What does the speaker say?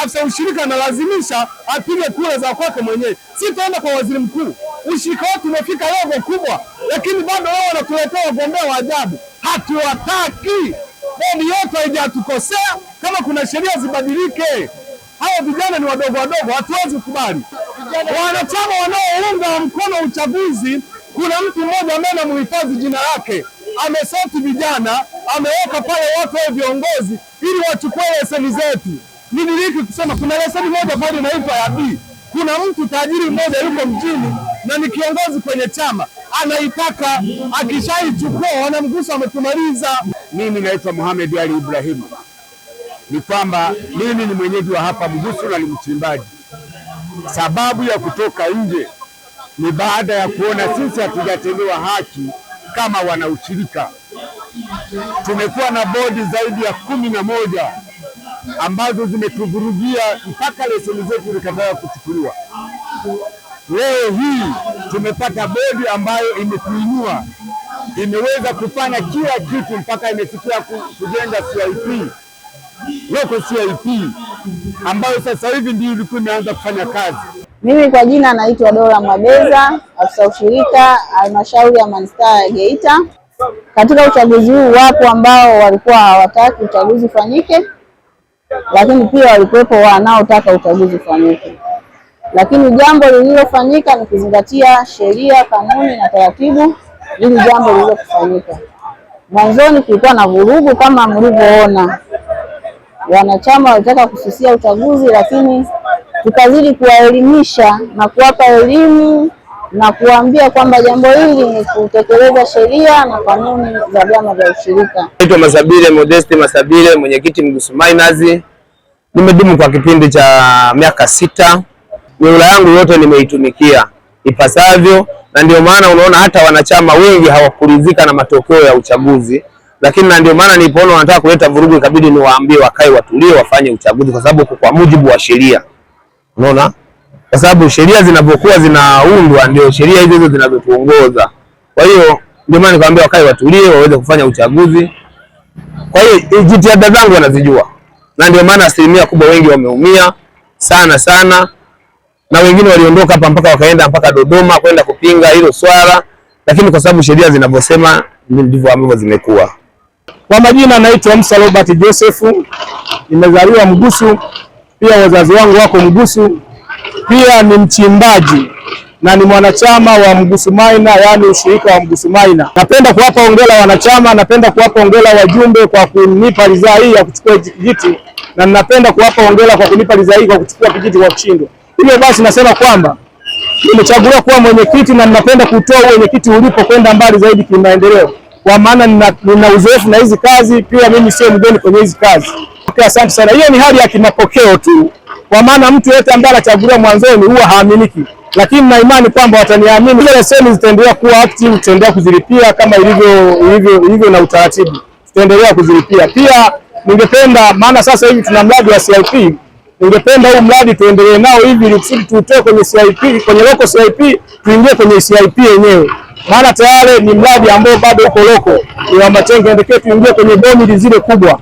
Afisa ushirika analazimisha apige kura za kwake mwenyewe, si tuenda kwa waziri mkuu. Ushirika wetu umefika levo kubwa, lakini bado wao wanatuletea wagombea wa ajabu. Hatuwataki. Bodi yetu haijatukosea, kama kuna sheria zibadilike. Hawa vijana ni wadogo wadogo, hatuwezi kubali. Wanachama wanaounga mkono uchaguzi, kuna mtu mmoja ambaye namhifadhi jina lake amesoti vijana, ameweka pale watu wao viongozi ili wachukue leseni zetu niki kusema kuna leseni moja bado inaipa ya B. Kuna mtu tajiri mmoja yuko mjini na ni kiongozi kwenye chama anaitaka, akishaichukua wanamgusa, wametumaliza. Mimi naitwa Mohamed Ali Ibrahimu, ni kwamba mimi ni mwenyeji wa hapa Mgusu na ni mchimbaji. Sababu ya kutoka nje ni baada ya kuona sisi hatujatendewa haki kama wanaushirika. Tumekuwa na bodi zaidi ya kumi na moja ambazo zimetuvurugia mpaka leseni zetu zikataka kuchukuliwa. Leo hii tumepata bodi ambayo imetuinua, imeweza kufanya kila kitu mpaka imefikia kujenga CIP loko CIP ambayo sasa hivi ndio ilikuwa imeanza kufanya kazi. Mimi kwa jina naitwa Dora mabeza afisa ushirika halmashauri ya manispaa ya Geita. Katika uchaguzi huu wapo ambao walikuwa hawataki uchaguzi ufanyike lakini pia walikuwepo wanaotaka uchaguzi ufanyike. Lakini jambo lililofanyika ni kuzingatia sheria, kanuni na taratibu. ili jambo kufanyika. mwanzoni, kulikuwa na vurugu kama mlivyoona, wanachama walitaka kususia uchaguzi, lakini tukazidi kuwaelimisha na kuwapa elimu na kuambia kwamba jambo hili ni kutekeleza sheria na kanuni za vyama vya ushirika. Naitwa Masabile Modesti Masabile, mwenyekiti Mgusu Miners. Nimedumu kwa kipindi cha miaka sita. Miula yangu yote nimeitumikia ipasavyo, na ndio maana unaona hata wanachama wengi hawakuridhika na matokeo ya uchaguzi, lakini na ndio maana nilipoona wanataka kuleta vurugu, ikabidi niwaambie wakae, watulie, wafanye uchaguzi, kwa sababu kwa mujibu wa sheria, unaona kwa sababu sheria zinapokuwa zinaundwa ndio sheria hizo hizo zinazotuongoza. Kwa hiyo ndio maana nikamwambia wakae watulie, waweze kufanya uchaguzi. Kwa hiyo jitihada zangu wanazijua, na ndio maana asilimia kubwa wengi wameumia sana sana, na wengine waliondoka hapa mpaka wakaenda mpaka Dodoma kwenda kupinga hilo swala, lakini kwa sababu sheria zinavyosema ndivyo ambavyo zimekuwa. Kwa majina naitwa Musa Robert Joseph, nimezaliwa Mgusu, pia wazazi wangu wako Mgusu pia ni mchimbaji na ni mwanachama wa Mgusu Maina, yaani ushirika wa Mgusu Maina. Napenda kuwapa hongera wanachama, napenda kuwapa hongera wajumbe kwa kunipa ridhaa hii ya kuchukua kijiti, na ninapenda kuwapa hongera kwa kunipa ridhaa hii kwa kuchukua kijiti kwa kushindwa. Hivyo basi nasema kwamba nimechaguliwa kuwa mwenyekiti na ninapenda kutoa wenyekiti ulipo kwenda mbali zaidi kimaendeleo, kwa maana nina, nina uzoefu na hizi kazi, pia mimi sio mgeni kwenye hizi kazi. asante sana. Hiyo ni hali ya kimapokeo tu kwa maana mtu yote ambaye anachaguliwa mwanzoni huwa haaminiki, lakini na imani kwamba wataniamini. Zile leseni zitaendelea kuwa active, tutaendelea kuzilipia kama ilivyo ilivyo ilivyo na utaratibu, tutaendelea kuzilipia. Pia ningependa maana sasa hivi tuna mradi wa CIP, ningependa huu mradi tuendelee nao hivi ili kusudi tuutoe kwenye CIP, kwenye loko CIP tuingie kwenye CIP yenyewe, maana tayari ni mradi ambao bado uko loko ni wa matengo, ndio tuingie kwenye bomi zile kubwa.